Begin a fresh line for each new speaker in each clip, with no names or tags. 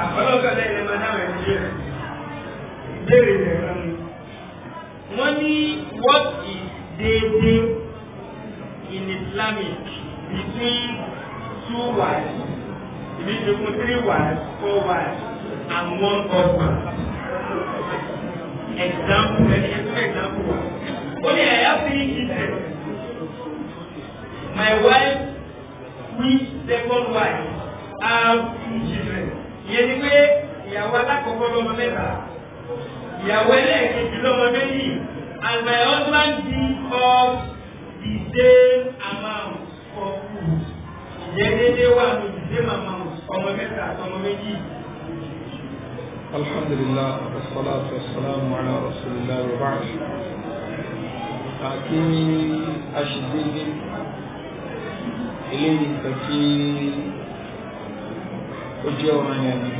ọlọ́gbẹ̀lẹ̀ ilẹ̀ máa dáhùn ẹni what is déédéé
in Islamic between two wives between three wives four wives and one husband. example example wa. ó ní ẹ̀yà sí
my wife which second wife have yẹn ni pé ìyàwó alákọ̀ọ́kọ́ lọ́mọ mẹ́ta ìyàwó ẹlẹ́ẹ̀kejì lọ́mọ méjì and my husband give us the same amount for food ìyẹn dédé wà ní the same amount ọmọ mẹ́ta ọmọ méjì. alhamdulillah wasalaatu wasalaamu ala rasulillah wa baad àti
aṣèdèdè eléyìí kàkí
ó jẹ́ ọ̀ràn yẹn ni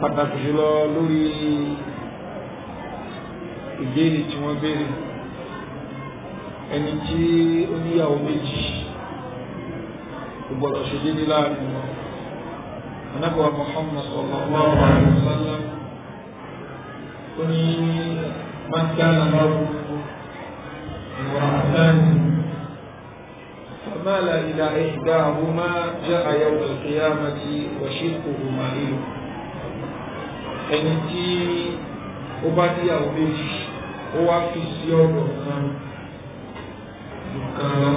pàtàkì jùlọ lórí ìbéèrè tí wọ́n béèrè ẹni tí ó níyàwó méjì kò gbọ́dọ̀ ṣe déédéé láàrin wọn anábọ̀ Muhammad sallallahu alaihi wasallam ó ní máa ń dáná lọ́rùn ìwà àtàlù. المال إلى إحداهما جاء يوم القيامة وشقهما إلو ẹni tí ó bá níyàwó méjì ó wá fi sí ọ̀rọ̀ kan nǹkan lọ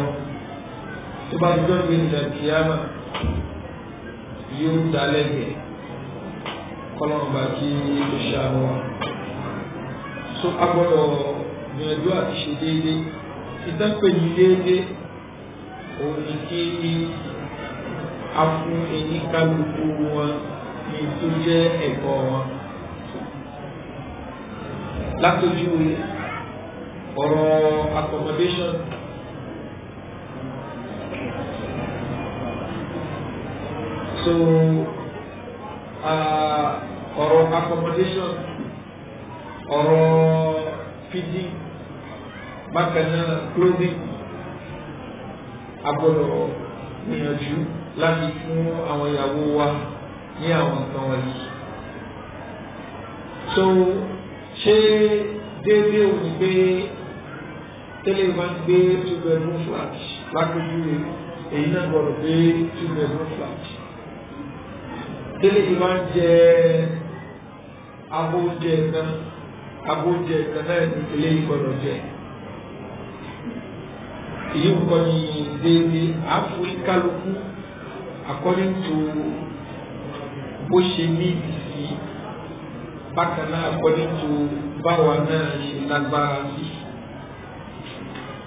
tó bá dúró ní ilẹ̀ kíámà yóò dá lẹ́gbẹ̀ẹ́ kọ́lọ́mùbá kí ó ṣàánú wa so a gbọ́dọ̀ gbìyànjú àti ṣe déédéé ìtàn pè ní déédéé òun ni kí a fún ẹni kálukú wọn ní tó jẹ́ ẹ̀kọ́ wọn. látòjú ọ̀rọ̀ accommodation. so ọ̀rọ̀ uh, accommodation ọ̀rọ̀ feeding bákan náà clothing agbọ́dọ̀ gbìyànjú láti fún àwọn ìyàwó wa ní àwọn nǹkan wọ̀nyí. so ṣé déédéé ò ní gbé tẹ́lẹ̀ máa ń gbé two bedroom flat lápẹ́jú rẹ̀ èyí náà gbọ́dọ̀ gbé two bedroom flat. tẹ́lẹ̀ máa ń jẹ abóúnjẹ kan abóúnjẹ náà ní eléyìí gbọ́dọ̀ jẹ èyí kọ́ ni déédéé àáfòrí kálukú according to bó ṣe ní ìsì bákan náà according to báwa náà ṣe lágbára sí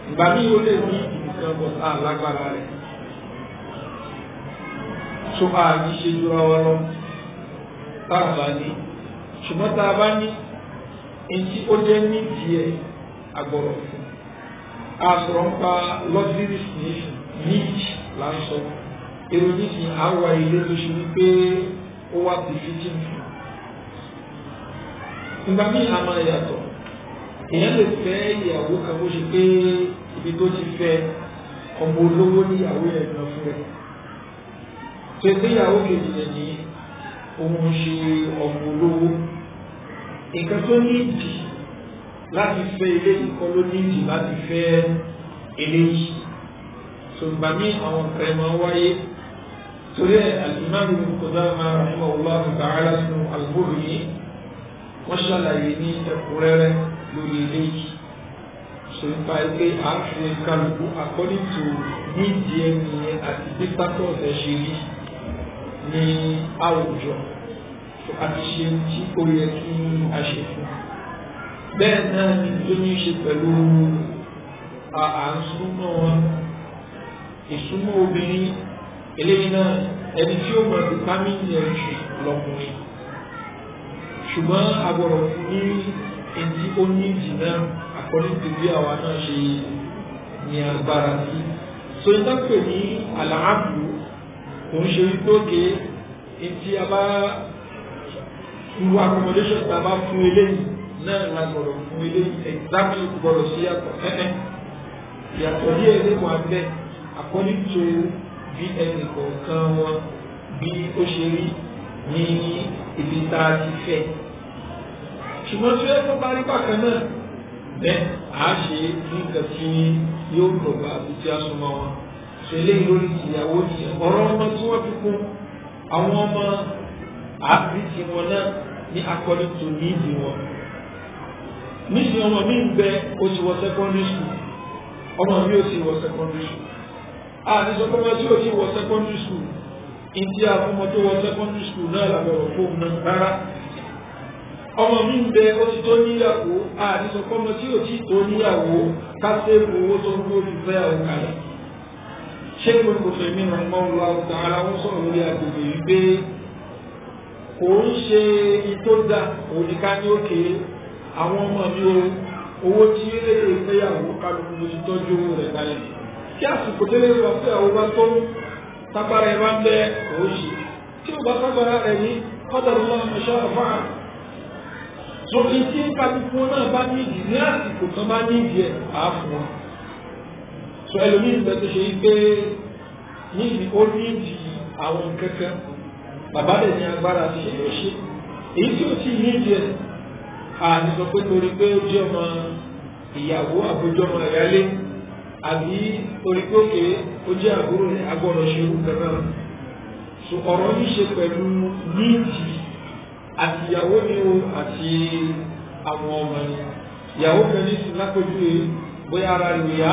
ìgbà míì ó lè ní nǹkan bọ̀tá lágbára rẹ̀ tó a ní ṣe jura wa lọ tá a bá ní ṣùgbọ́n tá a bá ní èyí ó jẹ́ nídìí ẹ̀ agbọ̀rọ̀ fún asọ̀rọ̀ ń pa luxury niche là ń sọ èrò nísìnyí àwa ilé tó ṣe wípé ó wá ti fìtì nìkan ìgbà míì a máa yàtọ̀ èèyàn lè fẹ́ ìyàwó kan bó ṣe pé ibi tó ti fẹ́ ọmọ olówó ní ìyàwó yẹn lọ fún ẹ tó ẹgbẹ́ ìyàwó kejì yẹn ní òun ṣe ọmọ olówó nǹkan tó ní ìdí láti fẹ́ eléyìí kọ́ ló ní ìdí láti fẹ́ eléyìí sọgbà mí àwọn kẹrẹ máa wáyé torí ẹ alimami Qudama rahimahullah ta'ala sunu alùpùpù yìí wọ́n ṣàlàyé ní ẹ̀kúnrẹ́rẹ́ lórí eléyìí ṣe ń pa ẹgbẹ́ àáfin kálukú according to nídìí ẹni yẹn àti bí pátọ́ọ̀sẹ̀ ṣe rí ní àwùjọ àti ṣe tí ó yẹ kí a ṣe fún un bẹ́ẹ̀ náà ni tó ní ṣe pẹ̀lú àǹsúnmọ́ wọn ìsúnmọ́ obìnrin eléyìí náà ẹni tí ó mọ̀ dìtámìnì ẹ̀ jù lọ́kùnrin ṣùgbọ́n agbọ̀rọ̀ fún ní ẹni ó ní ìdìnnà àkọ́lẹ́tò bí àwa náà ṣe ní agbára sí so iná pè ní àlàáfù kò ń ṣe wípé òkè etí a bá wọ accommodation tá a bá fún eléyìí náà la gbọ́dọ̀ fún ilé ẹgbàmì gbọ́dọ̀ sí yàtọ̀ ẹnẹ yàtọ̀ yìí ẹni wà bẹ according to bí ẹnì kọ̀ọ̀kan wọn bí ó ṣe rí ní ibi tá a ti fẹ́ ṣùgbọ́n tí ẹ fún parí bákan náà bẹ́ẹ̀ á ṣe nǹkan tí yóò dọ̀gba àti tí a súnmọ́ wọn ṣẹlẹ̀ lórí ìyàwó nìyẹn ọ̀rọ̀ ọmọ tí wọ́n fi kún àwọn ọmọ àbí tiwọn náà ní according to need wọn nísìnyí ọmọ mi ń bẹ o ti wọ secondary school ọmọ mi ò ti wọ secondary school a ní sọ pé ọmọ tí o ti wọ secondary school ìdí àfọmọ tó wọ secondary school náà làbẹ̀wò fóun náà rárá ọmọ mi ń bẹ ó ti tó níyàwó a ní sọ pé ọmọ tí o ti tó níyàwó ká sẹ́ẹ̀bù owó tó ń gbó fi fẹ́ àwọn kalẹ̀ ṣé gbogbo tèmi ràn mọ́ ọ́n lọ́wọ́ tààrà wọ́n sọ̀rọ̀ lórí agbègbè yìí pé kò ń ṣe itó dà ní òkè àwọn ọmọ mi o owó tí ẹyàwó kálukú ló ti tọ́jú owó rẹ̀ báyìí kí àsìkò tẹ́lẹ̀ wà pé àwọn bá tó tágbára ẹ̀ bá ń bẹ òòṣì tí ò bá tágbára rẹ̀ ní ọ̀dọ̀rọ̀ náà mo ṣe àfà sókè tí kálukú náà bá nídìí ní àsìkò kan bá nídìí ẹ̀ á fún wọn sọ ẹlòmíì bẹ tó ṣe yí pé níbi ó nídìí àwọn kankan bàbá rẹ̀ ní agbára ti ṣèlú ṣe èyí tí ó ti nídìí ẹ̀ àti sọ pé torí pé ó jẹ́ ọmọ ìyàwó àbójọ́ ọmọ ìyálé àbí torí pé òkè ó jẹ́ àbúrò rẹ̀ agbọ́dọ̀ ṣe irú kan náà ọ̀rọ̀ yìí ṣe pẹ̀lú níìtì àti ìyàwó ni o àti àwọn ọmọ ni ìyàwó kan ní sùn lápẹjúwe bóyá ara rẹ̀ yá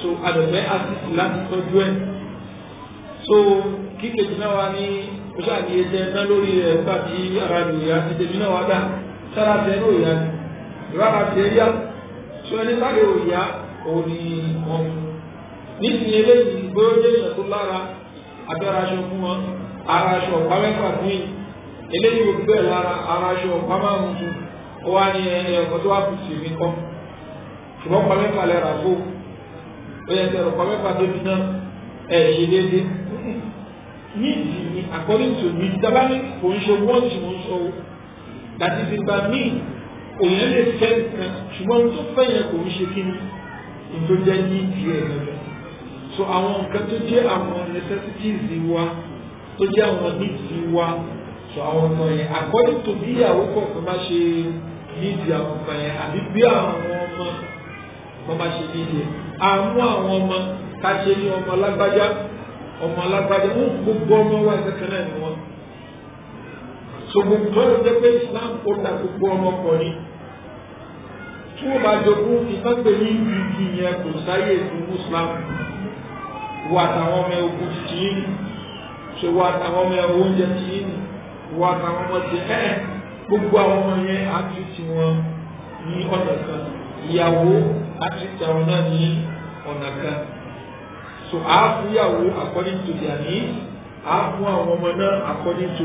so àdọ̀fẹ́ àtìsí láti tọ́jú ẹ̀ so kíkejì náà wá ní ó ṣàdíyẹ jẹ ná lórí ẹ̀ nígbà tí ara rẹ̀ yá ti tẹ̀mí náà wá dáa sára tẹ ní òyà ìbára tẹ yá sọ ẹni bá lè òyà òun ni wọn nísìnyí eléyìí bóyá jẹ́yìn tó lára abẹ́rẹ́ aṣọ fún wọn ara aṣọ pàmẹ́fà fún yìí eléyìí ò bẹ́ẹ̀ lára ara aṣọ pàmẹ́fà fún ó wá ní ẹni ẹ̀kọ́ tó wà fún sèmi kọ́ ṣùgbọ́n pàmẹ́fà lẹ́ra fó ó yẹ kí ẹ̀rọ pàmẹ́fà débi náà ẹ̀ ṣe déédé nísìnyí àkọ́lé tòmí dábàá ní kò ń ṣe wọ́ọ̀tì mò ń sọ dàbí gbígbà míì òyìn lè fẹ́ nǹkan ṣùgbọ́n tó fẹ́ yẹn kò ń ṣe kí ni ìtò jẹ́ ní ìdíyẹ gẹ́gẹ́ so àwọn nǹkan tó jẹ́ àwọn necessities wa tó jẹ́ àwọn needs wa so àwọn ọmọ yẹn according to bí ìyàwó kọ̀ọ̀kan bá ṣe níìdì àwọn ọmọ yẹn àbí bí àwọn ọmọ wọn bá ṣe níìdì yẹn àmú àwọn ọmọ ká ṣe ní ọmọ alágbájá ọmọ alágbájá wọn gbogbo ọmọ wa ìkẹkẹ ni wọn ṣùgbọ́n kan ló jẹ́ pé Islam ó ta gbogbo ọmọkùnrin tí wọ́n bá jogún ìtàgbé ní ìgbìyànjú yẹn kò sáyè fún Islam wọ àtàwọn ọmọ ogun tì í nì ṣe wọ àtàwọn ọmọ oúnjẹ tì í nì wọ àtàwọn ọmọ tì ẹ́ gbogbo àwọn ọmọ yẹn á ti ti wọn ní ọ̀nà kan ìyàwó á ti ti àwọn náà ní ọ̀nà kan so àá fún ìyàwó according to their needs àá fún àwọn ọmọ náà according to.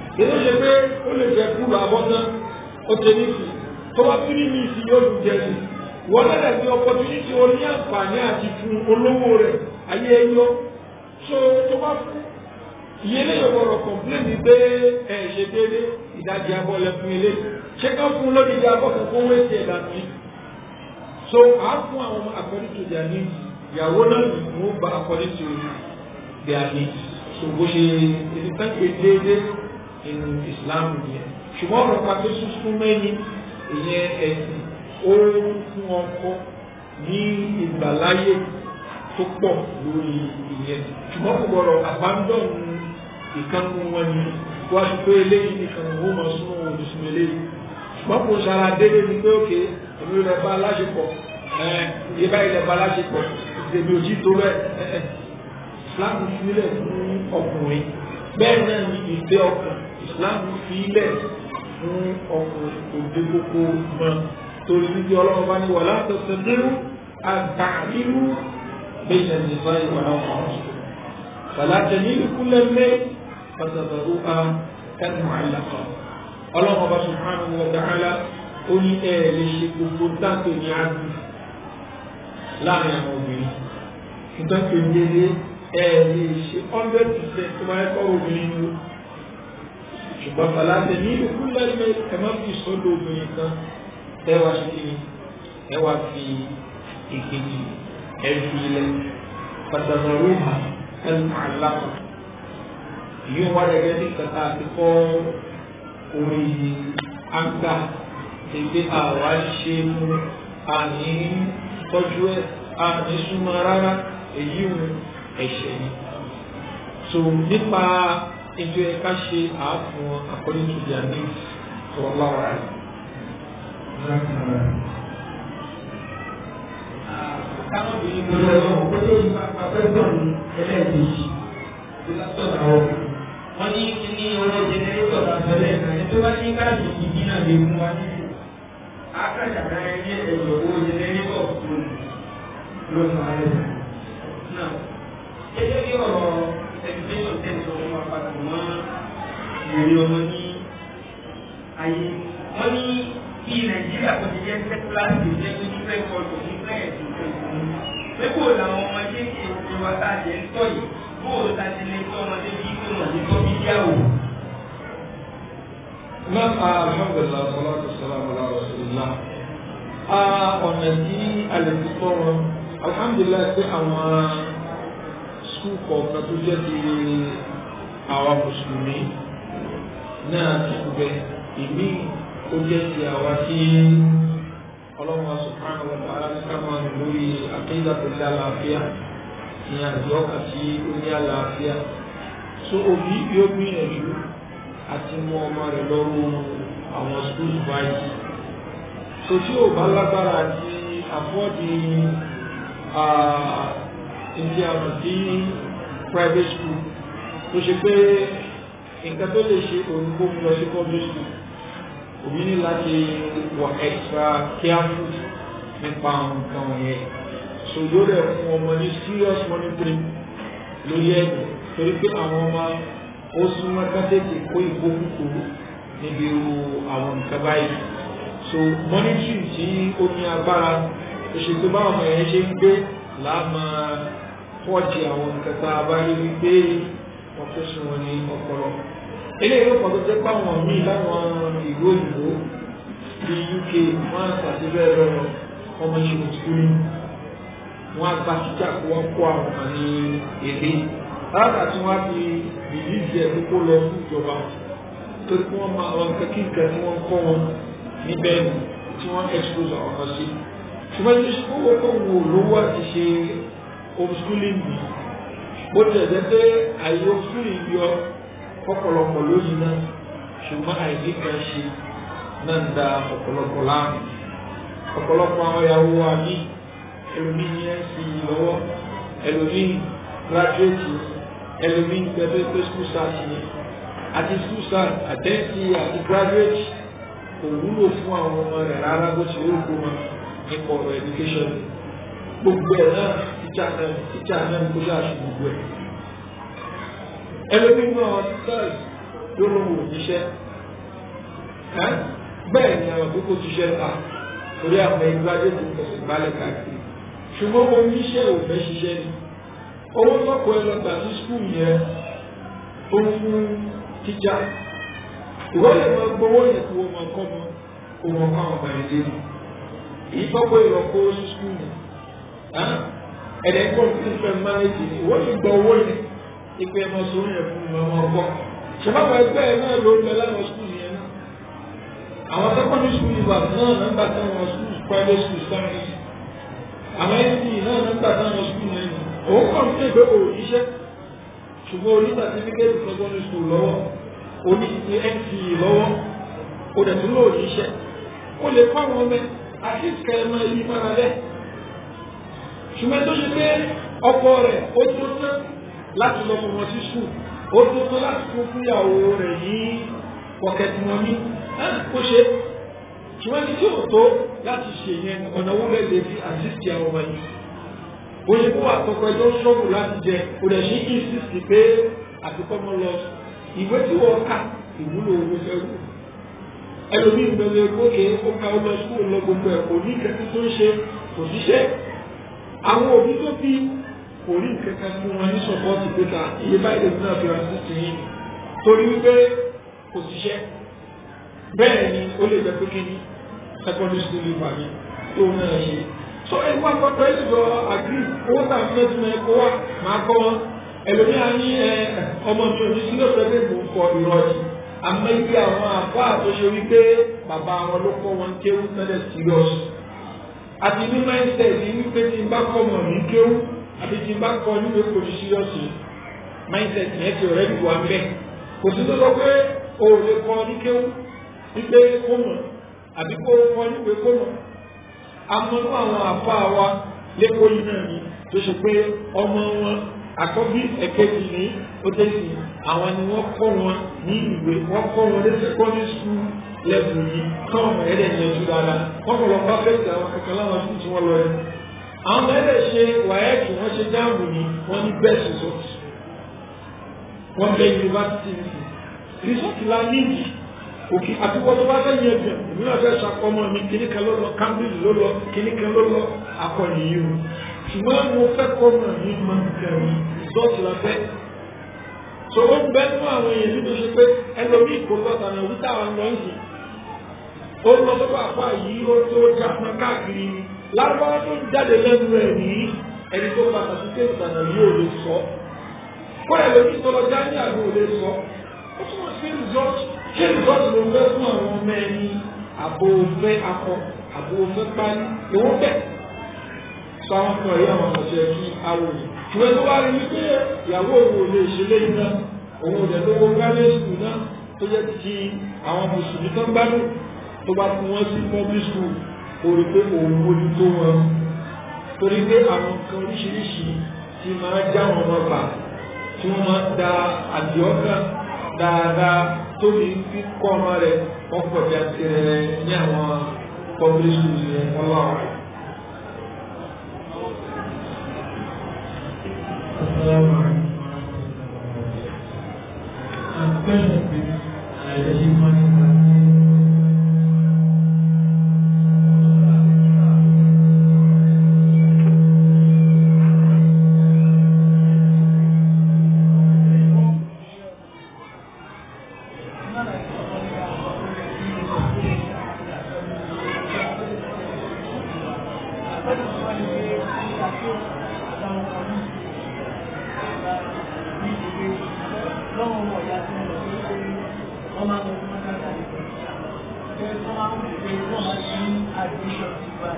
èyí ṣe pé ó lè fẹ́ kúrò abọ́tán ó ti tó bá tún nínú ìsìn yóò lù jẹ sí wọn lẹ́lẹ̀ bí opportunity ó ní àǹfààní àti fún olówó rẹ̀ ayé ẹyọ so tó bá fún ìyẹlẹ yóò gbọ́dọ̀ complain ní pé ẹ ṣe déédé ìdajì abọ́ lẹ́kùn ilé ṣé ká fún lódìdí abọ́ kan kó wé sí ẹ̀dá sí so àá fún àwọn according to their needs ìyàwó náà lù ú bá according to their needs so bó ṣe ètò ìtàn pé déédéé nínú Islam yẹn ṣùgbọ́n ọ̀rọ̀ pàtó tuntun mẹ́ni ìyẹn ẹ̀sìn ó fún ọkọ ní ìgbàláyè tó pọ̀ lórí ìyẹn ṣùgbọ́n kò gbọ́dọ̀ abandon ìkànnì wọn ni wọ́n ti pé eléyìí nìkan ni wọ́n mọ̀ súnmọ́ òdì súnmọ́ eléyìí ṣùgbọ́n kò sara délé ni pé òkè èmi rẹ̀ bá aláṣepọ̀ ẹ̀ ẹ̀ bá ilẹ̀ bá aláṣepọ̀ èmi ò jí tó bẹ́ẹ̀ Islam sílẹ̀ fún ọkùnrin bẹ́ẹ̀ náà ni ìfẹ́ ọkàn Islam fi ilẹ̀ fún ọkùnrin òde gbogbo mọ́ torí níbi ọlọ́run bá ní wà látọ̀sẹ̀ dúró àgbà nínú bẹ́ẹ̀ ní bá ìwà náà wà wọ́n. Fàlàjẹ̀ nínú kúlẹ̀ mẹ́ pàtàkì a kẹ́nu àlàkà. Ọlọ́run ọba subhanahu wa ta'ala ó ní ẹ̀ lè ṣe gbogbo táàkì ní àgbì láàrin àwọn obìnrin. Ìtọ́jú ìdílé ẹ̀ lè ṣe hundred percent tó máa ń kọ́ obìnrin ṣùgbọ́n fàlàtẹ̀ nílùú kúlẹ̀ ẹ má fi sódò obìnrin kan tẹ́wà ṣe kí ni ẹ wá fi ìkejì ẹ̀fì ilẹ̀ pàtàkìrúhà ẹ̀sùn àlámà yóò wá gẹ́gẹ́ bí kàtà àti kọ́ orí àgbà ẹgbẹ́ àwa ṣe mú àní tọ́jú ẹ̀ àní súnmọ́ rárá èyí ń ẹ̀ṣẹ̀ ni. so nípa ìjọ ẹ̀ka ṣe àáfún wọn according to their needs to allow her.
Káwọn obìnrin kan lọ́wọ́ ọ̀pọ̀lọpọ̀ ìgbà pàpẹ́sọ̀ ní ẹlẹ́ẹ̀kejì tó lásọ̀tà ọ̀gbìn. Wọ́n ní kí ní ọ̀rọ̀ jẹnẹrétọ̀ lásọ̀lẹ̀ kan ẹni tó bá ní káàdì ìbí náà lè mú wa nílùú. Akàṣà náà ní ẹ̀yọ̀ owó jẹnẹrétọ̀ lónìí ló máa rẹ̀. Náà, gẹ́gẹ́ bí èrè ọmọ ní
ayé wọn ní kí nàìjíríà kò ti jẹ́ sẹ́kúláàsì jẹ́ pé nífẹ̀ẹ́ kọlù nífẹ̀ẹ́ ẹ̀sìn ìjọba pé kò làwọn ọmọ kéékèèké wa tá a jẹ́ ń tọ́ yìí bó o ta ti lè tọ́ ọmọdé bí pé wọ́n ti tọ́ bí díà o. Náà alhamdulilah salatu salam ala rasulillah. A ọ̀nà tí a lè fi sọ̀rọ̀ alhamdulilah pé àwọn sukuu kọ̀ọ̀kan tó jẹ́ ti àwa mùsùlùmí náà tún bẹ ìmí ó jẹ́ ti àwa tí ọlọ́run subhanahu wa ta'ala kámá lórí àkéjà tó dá láàfíà ní àjọ àti oní àlàáfíà tó òbí yóò gbìyànjú àti mú ọmọ rẹ̀ lọ́rùn àwọn school báyìí tó tí ò bá lágbára àti àfọ́dì ìdí àwọn tí private school tó ṣe pé nǹkan tó lè ṣe òun kó fún ẹ sí public òbí ní láti wọ extra careful nípa àwọn nǹkan wọ̀nyẹn ṣòjó rẹ̀ fún ọmọ ní serious monitoring lórí ẹ̀dùn torí pé àwọn ọmọ ó súnmọ́ kátẹ́tì kó ìgbókùkù níbi àwọn nǹkan báyìí so monitoring tí ó ní agbára oṣù tó ọmọ yẹn ṣe ń gbé láàmà pọ́ọ̀jì àwọn nǹkan tá a bá rí wípé wọ́n tó sún wọn ní ọpọlọ eléyìí ló kàn tó jẹ́ páwọn míì láwọn ìlú òyìnbó ní UK wọ́n àtàtúbẹ̀ lọ ọmọ ìṣòwò skúlì wọ́n àgbà títà kó wọ́n kó àwọn kan ní èlé láàkà tí wọ́n á fi rìlíìsì ẹ̀ kókó lọ fún ìjọba tó kí wọ́n máa wọn kẹ́kí nǹkan tí wọ́n kọ́ wọn níbẹ̀ tí wọ́n expose àwọn kan sí ṣùgbọ́n ní sukúl owó wo lówó àti ṣe homeschooling yìí bó tilẹ̀ jẹ́ pé àyè homeschooling yọ fọ́pọ̀lọpọ̀ lóyìn náà ṣùgbọ́n àìní kan ṣe náà ń da ọ̀pọ̀lọpọ̀ láàmú ọ̀pọ̀lọpọ̀ àwọn ìyàwó wa ní ẹlòmí ní ẹ̀sìn yìí lọ́wọ́ ẹlòmí gíráfíètì ẹlòmí gbẹgbẹ́ skúsà sí ni àti skúsà àtẹ́ǹtì àti gíráfíètì kò wúlò fún àwọn ọmọ rẹ̀ rárá bó ti wúlò fún wọn nípa ọ̀rọ̀ ẹ̀dúkéṣọ̀n gbogbo ẹ̀ náà tíjà náà tíjà náà kó yà gbogbo ẹ̀ ẹlòmíì náà sáì ló ló wò jíṣẹ́ bẹ́ẹ̀ ni àwọn àkókò jíṣẹ́ ta torí àwọn ẹgbẹ́ ajé tó kọ̀sùn gbálẹ̀ káàkiri ṣùgbọ́n oníṣẹ́ ò fẹ́ ṣiṣẹ́ ni owó tọ́kọ̀ ẹ lọ gbà sí skul yẹn ó fún tíjà ìwọ lè máa gbowó yẹn kó o máa kọ́ mọ kó o máa kọ́ àwọn ọmọ ẹ̀dẹ́ nù èyí tọ́kọ̀ ẹ sí skul yẹn ẹ̀dẹ̀ kọ́ fún fẹ́ mánéjì ìwọ lè owó yẹn ipe ẹmọ sórí ẹ fún ọmọ ọgbọ ṣùgbọ́n ẹgbẹ́ ẹ náà ló ń bẹ láwọn skul yẹn náà àwọn sẹ́kọ̀ndì skul ìgbà náà nígbà táwọn skul private skul sáré àwọn nc náà nígbà táwọn skul yẹn ni òun kàn sí ìgbé òwò iṣẹ́ ṣùgbọ́n oní certificate sẹ́kọ̀ndì skul lọ́wọ́ oní ti nc lọ́wọ́ o dẹ̀ tún lò o lè kọ́ àwọn ọmọ àti kẹrìnà yìí mára lẹ̀ ṣùgbọ́n tó ṣe pé láti lọ fún wọn sí skul ó tún tó láti fún fúyàwó rẹ̀ ní pọ̀kẹ́tì wọn ní kó ṣe ṣùgbọ́n ní tí ò tó láti ṣe yẹn ọ̀nà owó lẹ́lẹ̀ fi àṣìṣe àwọn ọmọ yìí òyìnbó àtọkọ ẹjọ́ ṣọ́ọ̀bù láti jẹ kò dẹ̀ ṣe insist pé àtúkọ́ mọ́ lọ ìwé tí wọ́n kà ìwúlò owó fẹ́rù ẹlòmíì ń bẹ̀rẹ̀ gbókè ó ka ó lọ skul lọ gbogbo ẹ̀ kò ní kẹ́kẹ́ tó ń ṣe kò ṣiṣẹ́ àwọn òbí tó fi kò rí ìkẹ́kẹ́ wọn ní sọ̀pọ́ọ̀tì pété iye báyìí lèmi náà fi ra sí yín torí wípé kò síṣẹ́ bẹ́ẹ̀ ni ó lè jẹ́ pé kí ni secondary school lè wà ní tó náà ṣe so ẹgbẹ́ àkọ́kọ́ ẹ̀ lọ àgbì owó tà fún ẹtùmọ̀ ẹ̀kọ́ wa máa kọ́ wọn ẹlòmíà ní ọmọ mi ò ní sílẹ̀ fẹ́ẹ́ mú kọ ìrọ̀jì àmọ́ ibi àwọn àbá àtúnṣe wípé bàbá wọn ló kọ́ wọn kéwú tẹ́lẹ̀ serious àti ní mindset ní wípé tí n bá kọ́ ọmọ mi kéwú àti tí n bá kọ nílé kò ní síríọ̀sì mindset yẹn ti ọ̀rẹ́ ìwà ń bẹ̀ kò sí tó sọ pé o ò lè kọ ní kéwú wípé kó mọ̀ àbí kó kọ níwèé kó mọ̀ amọ̀nú àwọn àfa wa lẹ́kọ̀ọ́ yìí náà ni tó ṣe pé ọmọ wọn àkọ́bí ẹ̀kẹ́jì ní ó dé sí àwọn ni wọ́n kọ́ wọn ní ìwé wọ́n kọ́ wọn lé secondary school level yìí tán ẹ̀ẹ́dẹ̀ yẹn jù dáadáa wọ́n kọ̀ lọ bá fẹ́ẹ̀tì àwọn kankan láwọn tí àwọn mẹ́rẹ̀ ṣe wàhẹ́ẹ̀kì wọ́n ṣe jáàmù ni wọ́n ní best result wọ́n bẹ yunifásitì nìyí result la níyì òkè àtiwọ́ tó bá fẹ́ yẹn bẹ̀ èmi náà fẹ́ sàkọ́mọ́ mi kíní kan ló lọ Cambridge ló lọ kíní kan ló lọ akọni yìí o ṣùgbọ́n mo fẹ́ kọ́mọ́ mi máa ń kẹrù result la fẹ́ so ó ń bẹ àwọn èèyàn nínú ṣe pé ẹlòmíì kò lọ́ta náà wíta àwọn lọ́yìn ó lọ sọ́kọ́ àpá yìí ó tó jáfọ́n káàkiri lárúbáwá tó ń jáde lẹ́nu rẹ̀ ní ẹni tó pàtàkì kéèkì tànà yóò lè sọ kọ́lẹ̀ lórí tọ́lọ jáde àgbò lè sọ ó túmọ̀ sí resort ṣé resort ló fẹ́ fún àwọn ọmọ ẹni àbò òfẹ́ akọ àbò òfẹ́ pani ìwọ́n bẹ̀ sọ àwọn kan yìí àwọn ọ̀sẹ̀ kí awòye ìwé tó bá rí wípé ìyàwó òun ò lè ṣe lẹ́yìn náà òun ò dẹ̀ lówó gbálẹ́ sùn náà tó yẹ ti àwọn mùsùlùmí tó ń gbádùn tó bá fún wọn sí public school orí pé òun mójútó wọn torí pé àwọn kan oríṣiríṣi ti máa já wọn wọn pa tí wọ́n máa da àdìọ́kàn dáadáa tóbi fi kọ́ ọmọ rẹ̀ ọ̀pọ̀ bí a ti rẹ̀ ní àwọn public schools yẹn ọlọ́run.
Assalamu alaikum. wọ́n máa ń lọ sí mọ́tàlá ìgbà ṣe tó máa ń pè é wọ́n máa ń ní admission ti gbà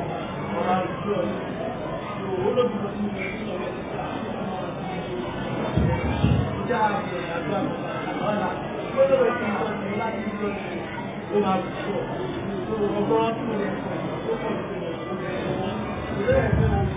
wọ́n máa ń dúró ṣò ó lòdì lọ sí ilé ìṣòro ẹ̀ ìjà àgbẹ̀ àgbà ọ̀la ó lọ́wọ́ ìṣòro ìṣòro láti dúró ṣe ó máa ń dúró ṣò ọgbọ́n tó lè sọ ó pọ̀ sí ìṣòro ìṣòro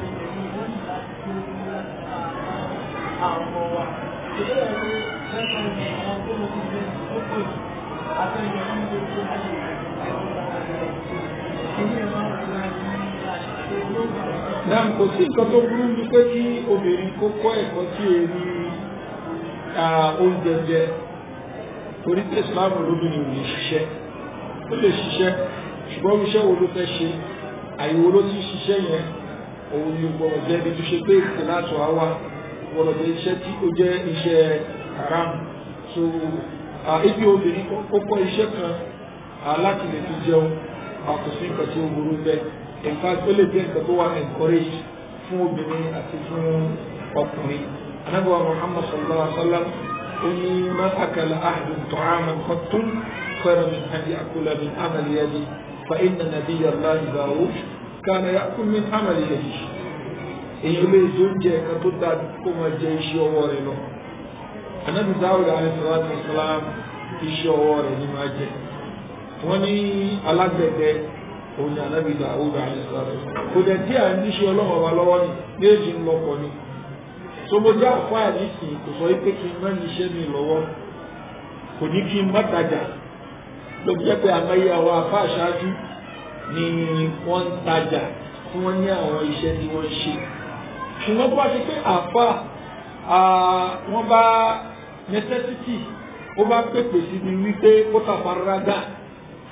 dáàmù kò
sí nǹkan tó burú ní pé kí obìnrin kó kọ́ ẹ̀kọ́ tí è ní oúnjẹ jẹ torí pé ìsìláàmù lóbìnrin ò lè ṣiṣẹ́ ó lè ṣiṣẹ́ ṣùgbọ́n iṣẹ́ wo ló fẹ́ ṣe àyèwò ló ti ṣiṣẹ́ yẹn òun ni gbọ́dọ̀ jẹ́ ibi tó ṣe pé ìpè láti wá wá gbọ́dọ̀ jẹ́ iṣẹ́ tí ó jẹ́ iṣẹ́ haram so ibi obìnrin kó kọ́ iṣẹ́ kan láti lè fi jẹun kò sí nǹkan tí ó burú bẹ́ẹ̀ nǹkan tó lè jẹ́ nǹkan tó wà encourage fún obìnrin àti fún ọkùnrin anábọ̀ Muhammad sallallahu alaihi wa sallam ó ní man akala ahadun ta'aman qattun khayra min an ya'kula min amali yadi fa inna nabiyya Allah Dawud kana ya'kul min amali yadi èyí ló lè jẹ oúnjẹ kan tó dáa kó máa jẹ iṣẹ́ ọwọ́ rẹ̀ lọ anabi dawud alayisalaatu wasalaam iṣẹ́ ọwọ́ rẹ̀ ni máa jẹ wọ́n ní alágbẹ̀dẹ òun ni anabi dawud alayisalaatu wasalaam kò dẹ̀ tí à ń díṣe ọlọ́wọ́ wa lọ́wọ́ ni méjì ń lọ́kọ ni sọmọdé àfáà nísìn kò sọ pé kí n má níṣẹ́ mi lọ́wọ́ kò ní kí n má tajà ló jẹ́ pé àmọ́yé àwọn ni wọ́n ń tajà tí wọ́n ní àwọn iṣẹ́ tí wọ́n ń ṣe ṣùgbọ́n bó a ṣe pé àfáà wọ́n bá necessity ó bá pèpè sí ni wípé ó tàfàràgà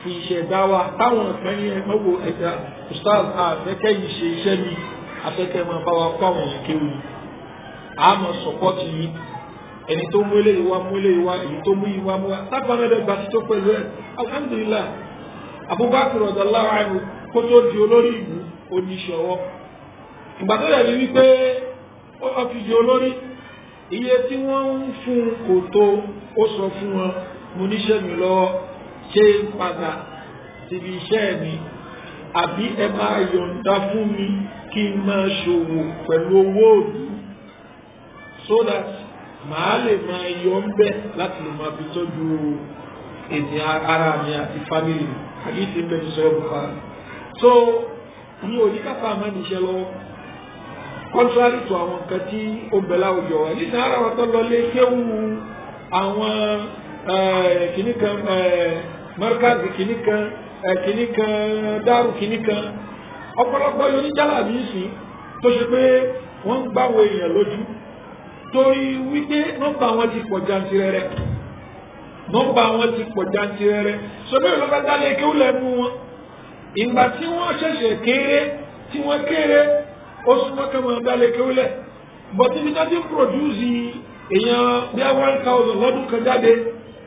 fi iṣẹ́ dá wa táwọn kan yẹn mọ́wó ẹ̀dá ustaz àfẹ́kẹ́ yìí ṣe iṣẹ́ mi afẹ́kẹ́ máa bá wa kó àwọn yẹn kéwì àmọ́ sọ́pọ́tì yìí ẹni tó mú eléyìí wá mú eléyìí wá èyí tó mú yìí wá mú wá sábà náà dẹ́gbà tó pẹ̀lú ẹ̀ alhamdulilah abubakar radallahu anhu kó tó di olórí ìlú oníṣòwò ìgbà tó yẹ wípé ó fi di olórí iye tí wọ́n ń fún un kò tó ó sọ fún wọn mo níṣẹ́ mi lọ́wọ́ ṣé ń padà síbi iṣẹ́ mi àbí ẹ máa yọ̀ǹda fún mi kí n máa ṣòwò pẹ̀lú owó òdu so that màá lè máa yọ ń bẹ́ láti lè máa fi tọ́jú ètè ara mi àti family àbí ti bẹ́ẹ̀ sọ ọ́ so mi ò ní kápá àmọ́ níṣẹ́ lọ́wọ́ contrary to àwọn nǹkan tí ó ń bẹ láwùjọ wa nígbà ara wọn tó lọlé kéwù àwọn eh, kìnnì kan eh, mọ́rkáàzì kìnnì kan eh, kìnnì kan dárù kìnnì kan ọ̀pọ̀lọpọ̀ yóò ní jálàbí sí tó ṣe pé wọ́n ń gbáwò èèyàn lójú torí wípé nọ́mbà wọn ti pọ̀ jantirẹrẹ nọ́mbà wọn ti pọ̀ jantirẹrẹ so bẹ́ẹ̀ lọ́ba dálé kéwù lẹ́nu wọn ìgbà tí wọ́n ṣẹ̀ṣẹ̀ kéré tí wọ́n kéré ó súnmọ́ kẹ́mọ́ dalẹ̀ kéwìlẹ̀ bọ́tí ní dájú pòdúsì èèyàn bí i one thousand lọ́dún kan jáde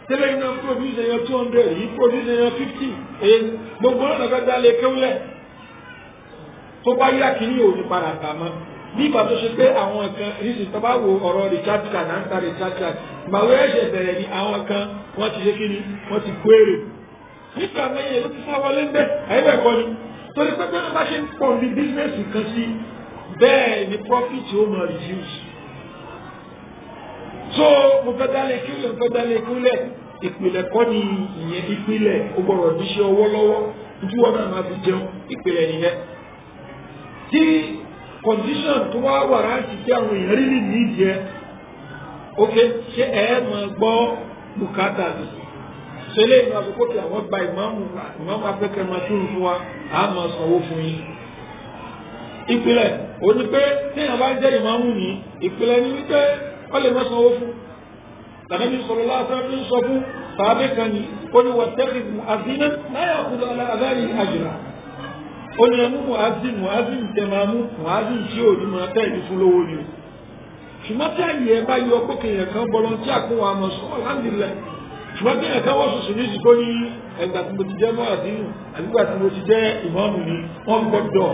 tẹ́lẹ̀ iná pòdúsì èèyàn two hundred yìí pòdúsì èèyàn fifty èèyàn gbogbo ọ̀nà kan dalẹ̀ kéwìlẹ̀ tó bá yá kí ní òní padà kà mọ́ ní ìgbà tó ṣe pé àwọn kan rísì tó bá wo ọ̀rọ̀ Richard kan náà ń ta Richard kan gbàwé ẹ̀ṣẹ̀ bẹ̀rẹ̀ ni àwọn kan wọ́n ti ṣe kí ni wọ́n ti kó èrè nígbà mẹ́yìn ló ti sá wọlé ń bẹ́ àyẹ̀bẹ̀ kọ́ torí pé pé wọ́n bá ṣe ń pọ̀ ní bísíǹsì kan sí bẹ́ẹ̀ ni profit ó máa reduce so mo fẹ́ dálé kílẹ̀ mo fẹ́ dálé kílẹ̀ ìpìlẹ̀ kọ́ ni ìyẹn ìpìlẹ̀ o gbọ́dọ̀ ní ṣe ọwọ́ lọ́wọ́ ojú wọn náà máa fi jẹun ìpìlẹ̀ nìyẹn tí condition tó wá wà láti jẹ́ àwọn èèyàn rí ní ìdí ẹ ok ṣé ẹ máa gbọ́ bùkátà mi ṣe lè ní àkókò tí àwọn gba ìmọ̀ọ́mù ìmọ̀ọ́mù afẹ́kẹ́ máa tún fún wa àá máa sanwó fún yín ìpìlẹ̀ ó ní pé téèyàn bá jẹ́ ìmáàmù ní ìpìlẹ̀ ní wípé ó lè má sanwó fún tàbí sọ̀rọ̀ lásán ní sọ fún tàbí kan ní ó ní wọ́tẹ́kì mu'azzinan náírà kúlọ aláàbárí àjùrà ó ní ẹmú mu'azzin mu'azzin tẹ máa mú mu'azzin tí ò ní máa tẹ́ ìlú fún lówó ni o ṣùgbọ́n tí àyè ẹ bá yọ pé kéèyàn kan bọ́lọ́ tí àkóhò àmọ́ sọ alhamdulillah ṣùgbọ́n kéèyàn kan wọ́n sùsù ní ìsìnkó ní ẹgbà tí mo ti jẹ́ mu'azzin àbígbà tí mo ti jẹ́ ìmáàmù ni wọ́n gbọ́dọ̀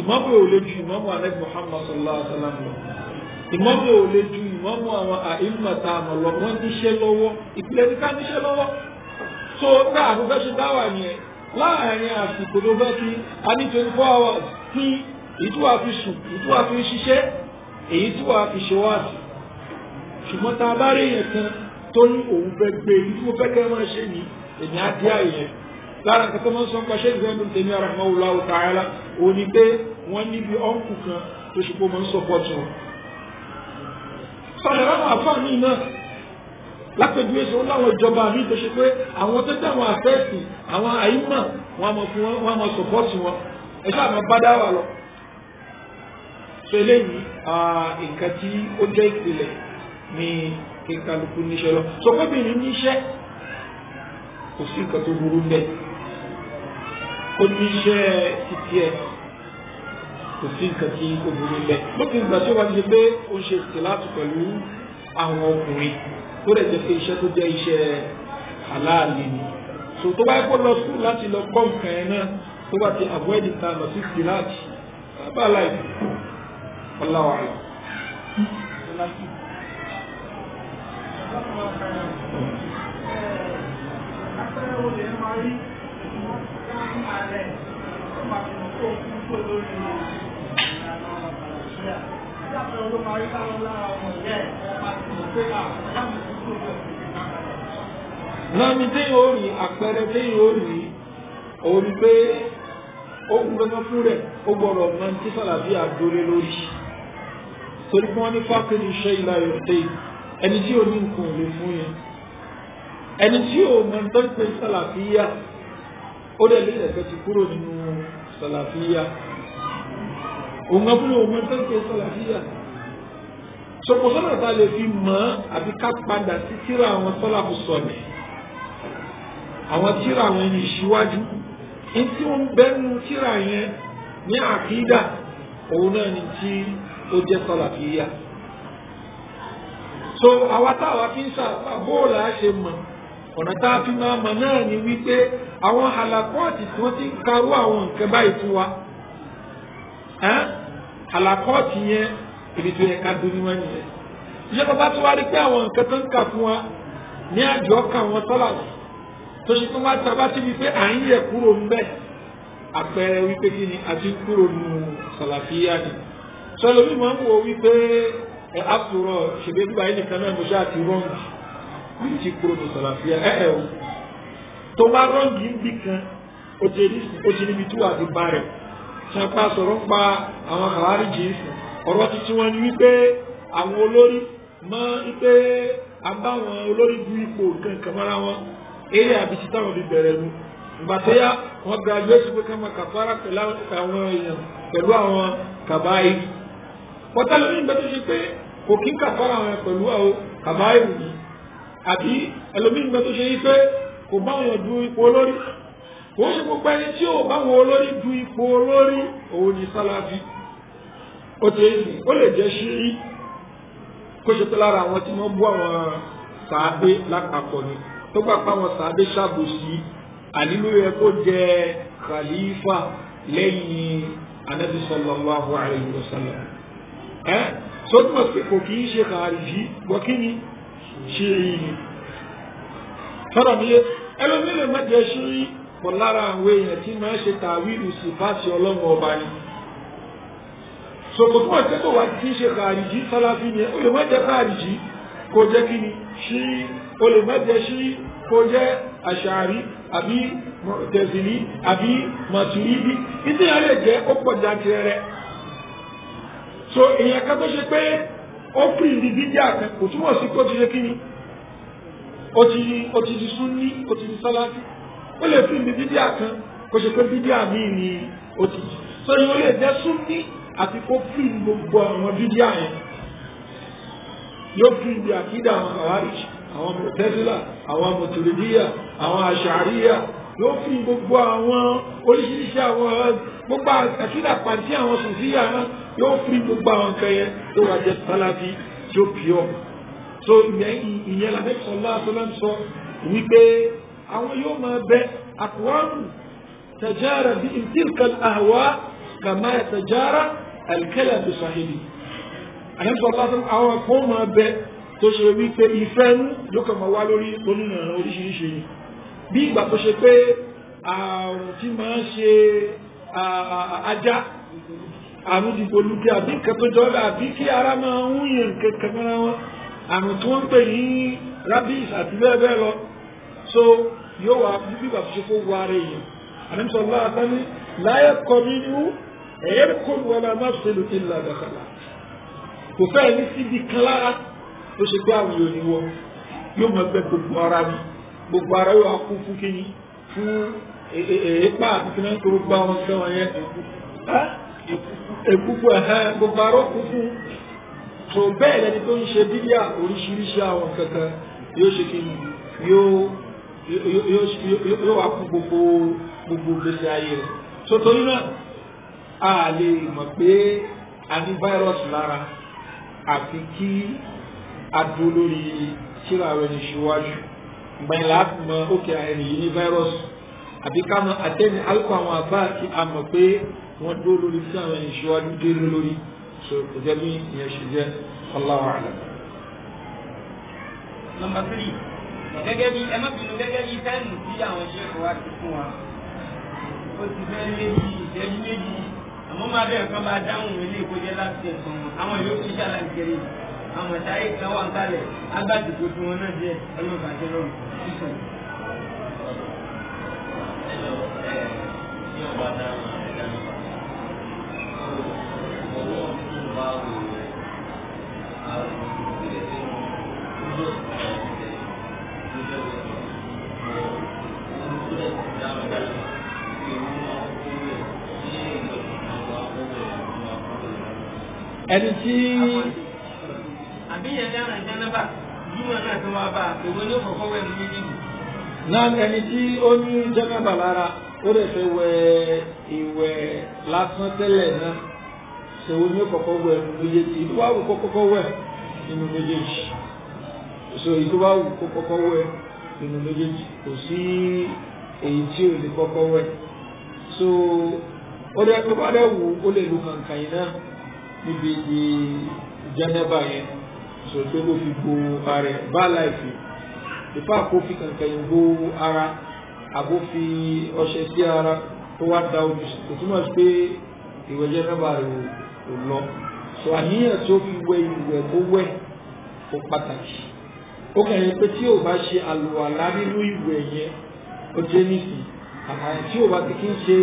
ìmáàmù ò lè ju ìmáàmù alẹ́bí Muhammad sallallahu alayhi wa sallam lọ ìmáàmù ò lè ju ìmáàmù àwọn àìmọ̀ta àmọ̀ lọ wọ́n níṣẹ́ lọ́wọ́ ìpìlẹ̀ ní ká níṣẹ́ lọ́wọ́ tó tá àbúfẹ́ ṣe dáwà yẹn láàárín àsìkò ló fẹ́ kí a ní twenty four hours kí ìtúwà fi sùn ìtúwà fi ṣiṣẹ́ èyí tí wàá fi ṣe wá sí ṣùgbọ́n tá a bá rí èèyàn kan tó ní òun fẹ́ gbé ibi fẹ́ kẹ́ lára nǹkan tó máa ń sọ nípa ṣéèkì Ibn Taymiyyah rahimahullahu ta'ala òní pé wọ́n níbi ọ̀nkù kan tó ṣe pé máa ń sọpọ́tù wọn. sọ̀rọ̀ láwọn àfáàní náà lápẹ̀jú èso láwọn ìjọba mi tó ṣe pé àwọn tó jẹ́ àfẹ́ẹ̀sì àwọn àyímà wọn a mọ̀ fún wọn wọn a mọ̀ sọpọ́tù wọn ẹ ṣáà máa bá dáwà lọ. sọ eléyìí nǹkan tí ó jẹ́ ìpìlẹ̀ ní kíkálukú níṣẹ́ lọ sọ pé bìnrin níṣẹ́ kò sí nǹkan tó burú bẹ́ẹ̀ ó ní iṣẹ́ títí ẹ kò sí nǹkan tí ó burú lẹ lókè ìgbà tí ó bá ti pé ó ń ṣe ìtìláàtù pẹ̀lú àwọn ọkùnrin tó rẹ̀ jẹ́ pé iṣẹ́ tó jẹ́ iṣẹ́ aláàlẹ́ ni so tó bá kó lọ sùn láti lọ kọ́ nǹkan ẹ̀ náà tó bá ti avoid ìta lọ sí ìtìláàtù bá láì ọláwà rẹ̀.
Thank you
lọ́mi téèyàn ó rí àpẹẹrẹ téèyàn ó rí òun pé ó kún gbẹ́gbẹ́ fún rẹ̀ ó gbọ́dọ̀ mọ ní sísàlàbí àdóre lórí torí pé wọ́n ní fákìlì iṣẹ́ ìlà ìrọ̀tẹ́ ẹni tí ò ní nǹkan ò lè fún yẹn ẹni tí ò mọ ní tọ́jú pé sísàlàbí yà ó dẹ̀ lé ẹ̀fẹ́ ti kúrò nínú sàlàfíà òun abúlé òun máa ń tẹ́ǹkẹ́ sàlàfíà sọ̀pọ̀sọ́nà tá a lè fi mọ̀ ọ́ àbí ká padà sí tíra àwọn sọ́làfù sọ̀nì àwọn tíra àwọn ẹni ìṣíwájú ní tí wọ́n bẹ́nu tíra yẹn ní àkídà òun náà ni tí ó jẹ́ sàlàfíà so àwa táwa fi ń ṣàbóòlà ṣe mọ̀ ọ̀nà tá a fi máa mọ̀ náà ni wípé àwọn halakọ́ọ̀tì tí wọ́n ti ń karú àwọn nǹkan báyìí fún wa halakọ́ọ̀tì yẹn ibi tó yẹ ká dúró wọn nìyẹn ìjọba bá tún wá rí pé àwọn nǹkan tó ń kà fún wa ní àjọ kà wọ́n tọ́lá tó ṣe tó wá ta bá ti wí pé à ń yẹ kúrò ń àpẹẹrẹ wípé kí ni a ti kúrò nù sàlàfíà ni sọlọ́mí máa ń wọ wípé ẹ̀ after all ṣèbí yìí nìkan náà mo ṣáà ti rọ́ǹgì ti kúrò ní sàlàfíà ẹ ẹ o tó bá rọ́ǹgì ń bì kan o ti rí o ti níbi tí wà á ti bá rẹ̀ ṣàpá sọ̀rọ̀ pa àwọn àwárí jìnsì ọ̀rọ̀ tuntun wọn ni wípé àwọn olórí mọ wípé abáwọn olórí bu ipò nǹkan kan mọ́ra wọn eré àbísí táwọn fi bẹ̀rẹ̀ nu ìgbà tó yá wọn graduate pé ká máa kàfárà pẹ̀lú àwọn èèyàn pẹ̀lú àwọn ìgbà tó ṣe pé kò kí ń wọn pẹ̀lú àwọn kàbáyé wù àbí ẹlòmíì gbẹ tó ṣe yí pé kò bá wọn du ipò olórí kò ṣe gbogbo ẹni tí ò bá wọn olórí du ipò olórí òun ni sálábì ó ti ẹsìn ó lè jẹ ṣírí kó ṣe pé lára àwọn tí wọn bú àwọn sàádé lápapọ̀ ni tó gbà pa àwọn sàádé ṣàbòsí ànílò yẹ kó jẹ khalifa lẹ́yìn anabi sallallahu alayhi wa sallam ẹ sọtúmọ̀ pé kò kì í ṣe kàrí yìí gbọ́ kí ni. ṣírí ni sọ́dọ̀ mi yé ẹlòmíì lè má jẹ́ ṣírí àwọn èèyàn tí máa ń ṣe tàwílù sí ọba ni wá ti ṣe kàrìjì sáláfí ni ó lè má jẹ́ kàrìjì kó jẹ́ kí ni ṣírí ó lè má jẹ́ ṣírí kó jẹ́ àṣàrí àbí tẹ̀sílí àbí màtúrídì ìdíyàn lè jẹ́ ó pọ̀ rẹ̀ so èèyàn kan tó ṣe ó pè ní dídí àkàn kò túmọ̀ sí pé ó ti ṣe kí ni ó ti ó ti di súnní ó ti di sáláfì ó lè pè ní dídí àkàn kò ṣe pé dídí àmì ni ó ti di so yóò lè jẹ́ súnní àti kó pè gbogbo àwọn dídí àyẹn yóò pè ní àkídà àwọn kàwárí àwọn mọ̀tẹ́sílà àwọn mọ̀tòlídíyà àwọn àṣàríyà yóò fi gbogbo àwọn oríṣiríṣi àwọn gbogbo àkídà pàǹtí àwọn sùfíyà náà yóò fi gbogbo àwọn nǹkan yẹn tó wà jẹ sálábí tí ó pì ọ so ìyẹn làbẹ sọlá sọlá sọ wípé àwọn yóò máa bẹ àkùwárù tajara bí ìtìkàl àwa kàmá tajara àlùkẹlẹ àbùsàhìlì àyẹn sọlá sọlá àwọn kan máa bẹ tó ṣe wípé ìfẹ́ nú ló kàn máa wá lórí onínàrà oríṣiríṣi bí ìgbà tó ṣe pé àrùn tí máa ń ṣe ajá àrùn ti polúkí àbí nǹkan tó jọ àbí kí ara máa ń yàn kankan mọ́ra wọn àrùn tí wọ́n pè ní rabies àti bẹ́ẹ̀ bẹ́ẹ̀ lọ so yóò wá bíbí bàbá ṣe kó wá rẹ̀ yìí àdìmísọ̀ lọ́wọ́ àtàní láyé kọ́ nínú ẹ̀yẹ́ kó wọlé amáṣẹ́lú ìlà dàkàlà kò fẹ́ ní síbi kan lára tó ṣe pé àwùjọ ni wọ yóò máa gbẹ gbogbo ara mi gbogbo ara yóò wá kún fún kíni fún èèpà e, e, e, àti kíni tó gbá wọn sẹ́wọ̀n yẹn egungun ẹ̀hẹ́n eh, eh, gbogbo arọ funfun tó bẹ́ẹ̀ lẹni tó ń ṣe bíbíà oríṣiríṣi àwọn kankan yóò ṣe kí ni yóò wá kú gbogbo gbogbo gbèsè ayé rẹ̀ tó torí náà a lè mọ̀ pé a ní fáírọ́ọ̀sì lára àfi kí a dúró lórí síra rẹ̀ ní ṣíwájú gbẹ̀yìn láti mọ òkè àìrìn yìí ní fáírọ́ọ̀sì àbí ká mọ àtẹ́ni alukó àwọn àbá àti àmọ̀ pé wọ́n dúró lórí tí àwọn ẹni ṣíwájú dúró lórí so kò jẹ́ bí ìyẹn ṣe jẹ́ Allahu a'lam. nọ́mbà tírì gẹ́gẹ́ bí ẹ má bínú gẹ́gẹ́ bí táìmù tí àwọn ṣe wá ti fún wa ó ti fẹ́ lé bí ìṣẹ́jú méjì àmọ́ máa bẹ̀rẹ̀ kan bá
dáhùn ilé ìkójẹ́ láti ẹ̀sán àwọn yòókù ṣàlàyé àwọn ṣáyé kan wà ń kalẹ̀ agbátìkó tí wọn náà jẹ́ ọlọ́bàjẹ́ náà ẹni tí. àbíyẹn dára jẹnẹba júmọ náà tó wá bá òwe ló kọ́kọ́ wẹ ní mímí.
náà ẹni tí ó ní jẹnẹba lára ó lè fẹ́ wẹ̀ ìwẹ̀ lásán tẹ́lẹ̀ náà èwo ni ó kọ́kọ́ wẹ̀ nínú méjèèjì ìlú wa wù kó kọ́kọ́ wẹ̀ nínú méjèèjì so ìlú wa wù kó kọ́kọ́ wẹ̀ nínú méjèèjì kò sí èyí tí ò lè kọ́kọ́ wẹ̀ so ó dẹ́ tó bá dẹ́ wù ó lè lu kàǹkà yìí náà níbi ìdí jẹ́nẹ́bà yẹn so tó ló fi gbo ara ẹ̀ bá láìpẹ́ ìfá kó fi kàǹkà yìí gbo ara àbó fi ọṣẹ sí ara tó wá da ojú kò túmọ̀ sí pé ìwẹ̀jẹ̀ náà bá rẹ̀ wò kò lọ sọ àníyàn tó fi wẹ ìwẹ̀ tó wẹ̀ kò pàtàkì ó kàn yẹn pé tí ò bá ṣe àlùwàlá nínú ìwẹ̀ yẹn ó jẹ́ nìsí àmọ́ tí ò bá ti kí ń ṣe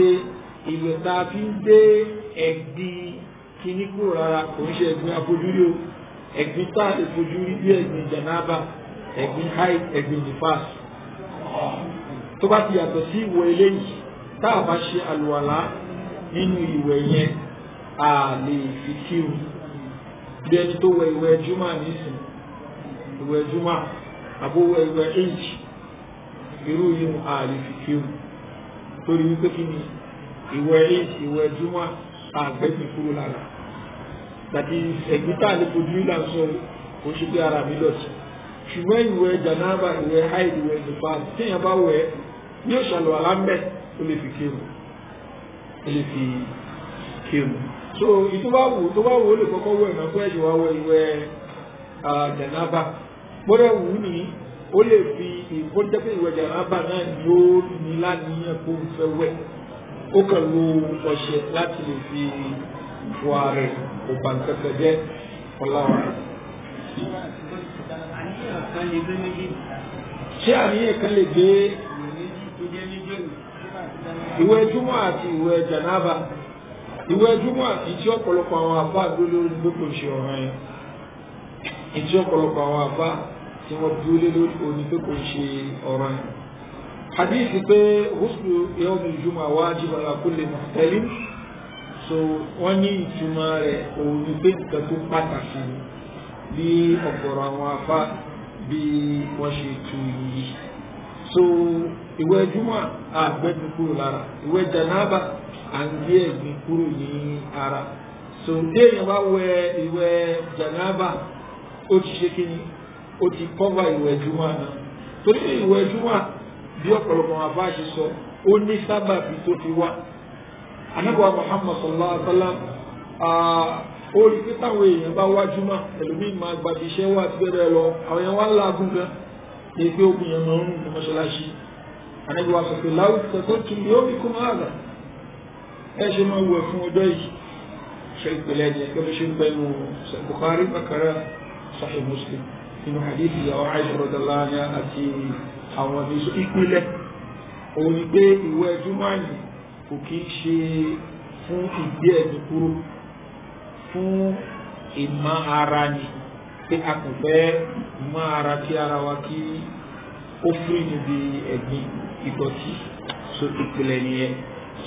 ìwẹ̀ tá a fi ń dé ẹ̀gbin kíní kúrò rárá kò ń ṣe ẹ̀gbin àfojúrí o ẹ̀gbin tá a lè fojú rí bí ẹ̀gbin jànáàbà ẹ̀gbin haid ẹ̀gbin nifas tó bá ti yàtọ̀ sí ìwẹ̀ eléyìí tá a bá ṣe àlùwàlá nínú ìwẹ̀ yẹn a lè fi kírun bí ẹni tó wẹ ìwẹ̀ júmọ̀ nísìn ìwẹ̀ júmọ̀ àbó wẹ ìwẹ̀ èjì irú yìí a lè torí wípé kí ni ìwẹ̀ èjì ìwẹ̀ júmọ̀ àgbẹ̀sìn kúrò lára tàbí ẹ̀gbí tá a lè fojú ìlà sọ kò ṣe bí ara mi lọ sí ṣùgbọ́n ìwẹ̀ jànáàbà ìwẹ̀ haid ìwẹ̀ nípa téèyàn bá wẹ̀ yóò ṣàlùwàlá ń bẹ̀ ó lè fi kírun ó lè fi kírun kírun so ìtúbáwò tó bá wò ó lè kọ́kọ́ wọ ìmọ̀ pé ìwà wọ ìwẹ̀ jẹ̀nàbà gbọ́dọ̀ wù ú ní ó lè fi ìfọ́jẹ́pẹ́ ìwẹ̀ jẹ̀nàbà náà yóò ní láníyàn kó ń fẹ́ wẹ̀ ó kàn lo ọṣẹ láti lè fi ìfọ ààrẹ kò bá jẹ́ ọláwà. ṣé àníyàn kan lè gbé ìwẹ̀ júmọ̀ àti ìwẹ̀ jẹ̀nàbà? ìwẹ̀ júmọ̀ ìtí ọ̀pọ̀lọpọ̀ àwọn àfá dúró lórí gbogbo ṣe ọ̀ràn yẹn ìtí ọ̀pọ̀lọpọ̀ àwọn àfá tí wọ́n dúró lé lórí òní pé kò ṣe ọ̀ràn yẹn. hadith pé húsù yawmil júmọ̀ wajib ala kulli muhtalim so wọ́n ní ìtumọ̀ rẹ̀ òní pé nǹkan tó pàtàkì bí ọ̀pọ̀rọ̀ àwọn àfá bí wọ́n ṣe tu yìí so ìwẹ̀ júmọ̀ àgbẹ̀dùkú lára ìwẹ̀ jànáàbà à ń gbé ni ara so téèyàn bá wẹ ìwẹ̀ jàǹdàbà o ti ṣe kí ti kọ́va ìwẹ̀ júmọ́ àná torí ìwẹ̀ júmọ́ bí ọ̀pọ̀lọpọ̀ wọn ṣe sọ ó ní sábàbí tó fi wá wa sallam ó rí pé táwọn èèyàn bá wá júmọ́ máa lọ àwọn wá ń laagun gan yẹn ń wa sọ pé láwùjọ tó kì yóò fi kún ẹ ṣe máa wẹ̀ fún ọjọ́ yìí ṣe ìpìlẹ̀ ẹ̀jẹ̀ kí ló ṣe ń pẹ́nu Bukhari bakara Sahih Muslim nínú hadith ìyàwó Aisha radhiyallahu anha àti àwọn ọmọ ìpìlẹ̀ òun ni pé ìwẹ̀ júmọ́ àyè kò kí ń ṣe fún ìgbé ẹ̀mí kúrò fún ìmọ̀ ara ni pé a kò fẹ́ mọ ara kí ara wa kí ó fún ìdíbi ẹ̀gbin ìdọ̀tí so ìpìlẹ̀ nìyẹn.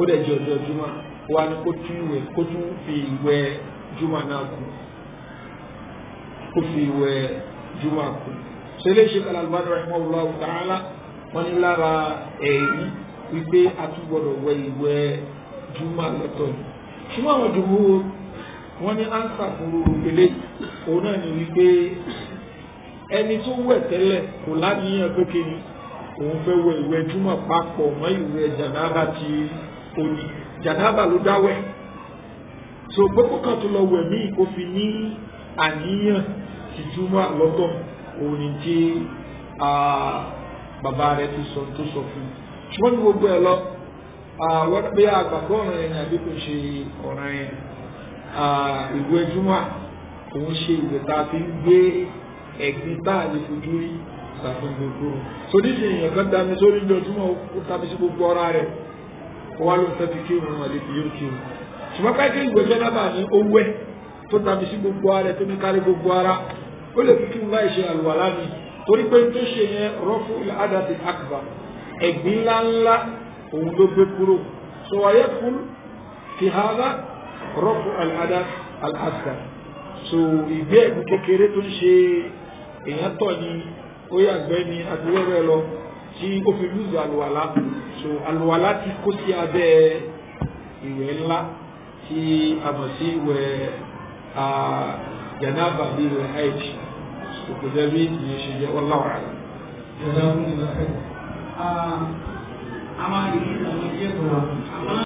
ó dẹ̀ jẹ́ ọjọ́ juma wá ní kó tún ìwẹ̀ kó tún fi ìwẹ̀ juma náà kù kó fi ìwẹ̀ juma kù ṣẹlẹ̀ ṣe kàlà Albani rahimahullah ta'ala wọ́n ní lára ẹ̀rí wípé a tún gbọ́dọ̀ wẹ̀ ìwẹ̀ juma lọ́tọ̀ ni ṣùgbọ́n àwọn jòwó wọ́n ní ánsà fún òkèlè òun náà ni wípé ẹni tó wẹ̀ tẹ́lẹ̀ kò láníyàn pé kí òun fẹ́ wẹ̀ ìwẹ̀ juma papọ̀ mọ́ ìwẹ̀ jàǹdà ti òdì jàdábà ló dáwẹ̀ so gbogbo kan tó lọ wẹ̀ míì kó fi ní àníyàn tìjúmọ́ lọ́tọ̀ òní tí bàbá rẹ̀ ti sọ tó sọ fún un ṣùgbọ́n ní gbogbo ẹ̀ lọ àwọn bí àgbàgbọ́ ọ̀ràn yẹn àbí kò ṣe ọ̀ràn yẹn ìwé júmọ́ òun ṣe ìwé tá a fi ń gbé ẹ̀gbin tá a lè fojú rí ṣàfihàn gbogbo so níṣẹ́ èèyàn kan dá mi sórí ìjọ júmọ́ ó tàbí sí gbogbo ọ̀rá rẹ̀ wọ́n ló ń fẹ́ fi kírun wọn lè fi yóò kírun ṣùgbọ́n káàkiri ìwé jẹ́nàbà ní owó ẹ̀ tó tàbí sí gbogbo ara tó ní kárí gbogbo ara ó lè fi kírun láì ṣe àlùwàlá ni torí pé tó ṣe yẹn rọ́fù adàtì àkàbà ẹ̀gbin ńláńlá òun ló gbé kúrò sọ̀wáyé fún fìhàdà rọ́fù adàtì àkàbà so ìgbé ẹ̀gbin kékeré tó ń ṣe èèyàn tọ̀ ni ó yàgbẹ́ ni àdúrà lọ tí ó fi lùzù àlùwàlá so àlùwàlá ti kó sí abẹ́ ìwẹ̀ ńlá tí a mọ̀ sí ìwẹ̀ janaba bí ìwẹ̀ haid so kò jẹ́ bí ìyẹn ṣe jẹ́ wọ́n láwàá rẹ̀.
àwọn àdìsí àwọn ìṣẹ́ tó wà.